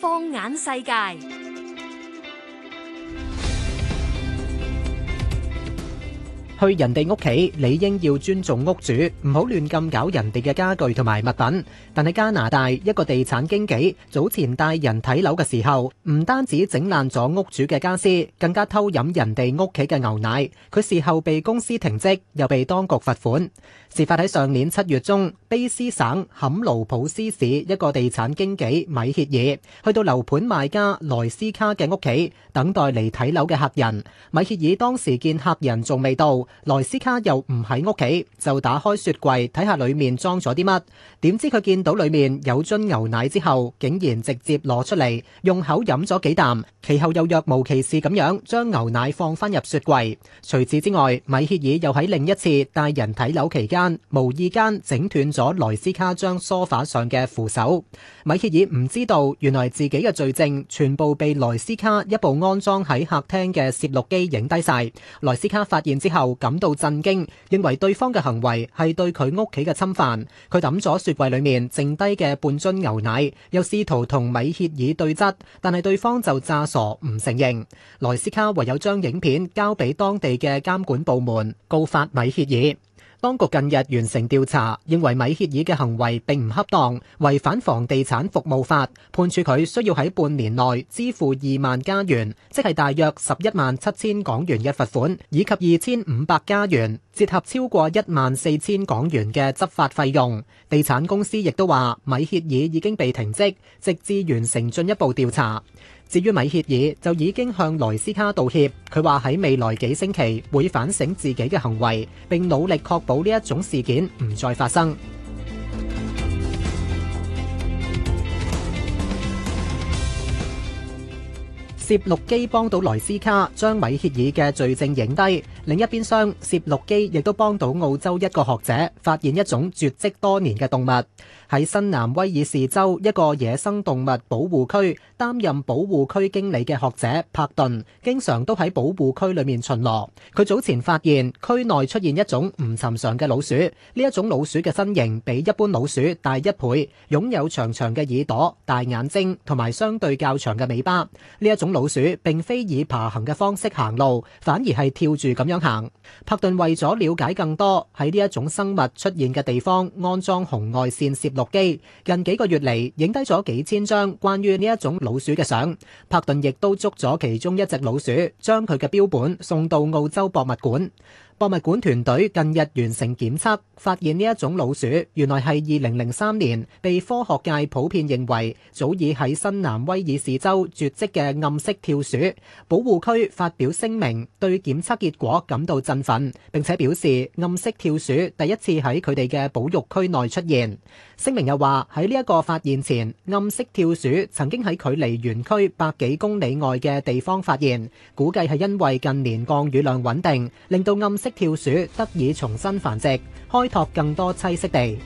放眼世界。去人哋屋企，理應要尊重屋主，唔好亂咁搞人哋嘅家具同埋物品。但喺加拿大，一個地產經紀早前帶人睇樓嘅時候，唔單止整爛咗屋主嘅家私，更加偷飲人哋屋企嘅牛奶。佢事後被公司停職，又被當局罰款。事發喺上年七月中，卑詩省坎盧普斯市一個地產經紀米歇爾，去到樓盤賣家萊斯卡嘅屋企，等待嚟睇樓嘅客人。米歇爾當時見客人仲未到。萊斯卡又唔喺屋企，就打開雪櫃睇下裏面裝咗啲乜。點知佢見到裏面有樽牛奶之後，竟然直接攞出嚟用口飲咗幾啖，其後又若無其事咁樣將牛奶放翻入雪櫃。除此之外，米歇爾又喺另一次帶人睇樓期間，無意間整斷咗萊斯卡張梳化上嘅扶手。米歇爾唔知道，原來自己嘅罪證全部被萊斯卡一部安裝喺客廳嘅攝錄機影低晒。萊斯卡發現之後，感到震驚，認為對方嘅行為係對佢屋企嘅侵犯。佢抌咗雪櫃裏面剩低嘅半樽牛奶，又試圖同米歇爾對質，但係對方就詐傻唔承認。萊斯卡唯有將影片交俾當地嘅監管部門，告發米歇爾。當局近日完成調查，認為米歇爾嘅行為並唔恰當，違反房地產服務法，判處佢需要喺半年內支付二萬加元，即係大約十一萬七千港元嘅罰款，以及二千五百加元，折合超過一萬四千港元嘅執法費用。地產公司亦都話，米歇爾已經被停職，直至完成進一步調查。至於米歇爾就已經向萊斯卡道歉，佢話喺未來幾星期會反省自己嘅行為，並努力確保呢一種事件唔再發生。攝錄機幫到萊斯卡將米歇爾嘅罪證影低，另一邊廂攝錄機亦都幫到澳洲一個學者發現一種絕跡多年嘅動物。喺新南威爾士州一個野生動物保護區擔任保護區經理嘅學者帕頓，經常都喺保護區裏面巡邏。佢早前發現區內出現一種唔尋常嘅老鼠，呢一種老鼠嘅身形比一般老鼠大一倍，擁有長長嘅耳朵、大眼睛同埋相對較長嘅尾巴。呢一種老老鼠並非以爬行嘅方式行路，反而係跳住咁樣行。帕頓為咗了解更多，喺呢一種生物出現嘅地方安裝紅外線攝錄機，近幾個月嚟影低咗幾千張關於呢一種老鼠嘅相。帕頓亦都捉咗其中一隻老鼠，將佢嘅標本送到澳洲博物館。博物館團隊近日完成檢測，發現呢一種老鼠原來係二零零三年被科學界普遍認為早已喺新南威爾士州絕跡嘅暗色跳鼠。保護區發表聲明，對檢測結果感到振奮，並且表示暗色跳鼠第一次喺佢哋嘅保育區內出現。聲明又話，喺呢一個發現前，暗色跳鼠曾經喺距離園區百幾公里外嘅地方發現，估計係因為近年降雨量穩定，令到暗色跳鼠得以重新繁殖，開拓更多棲息地。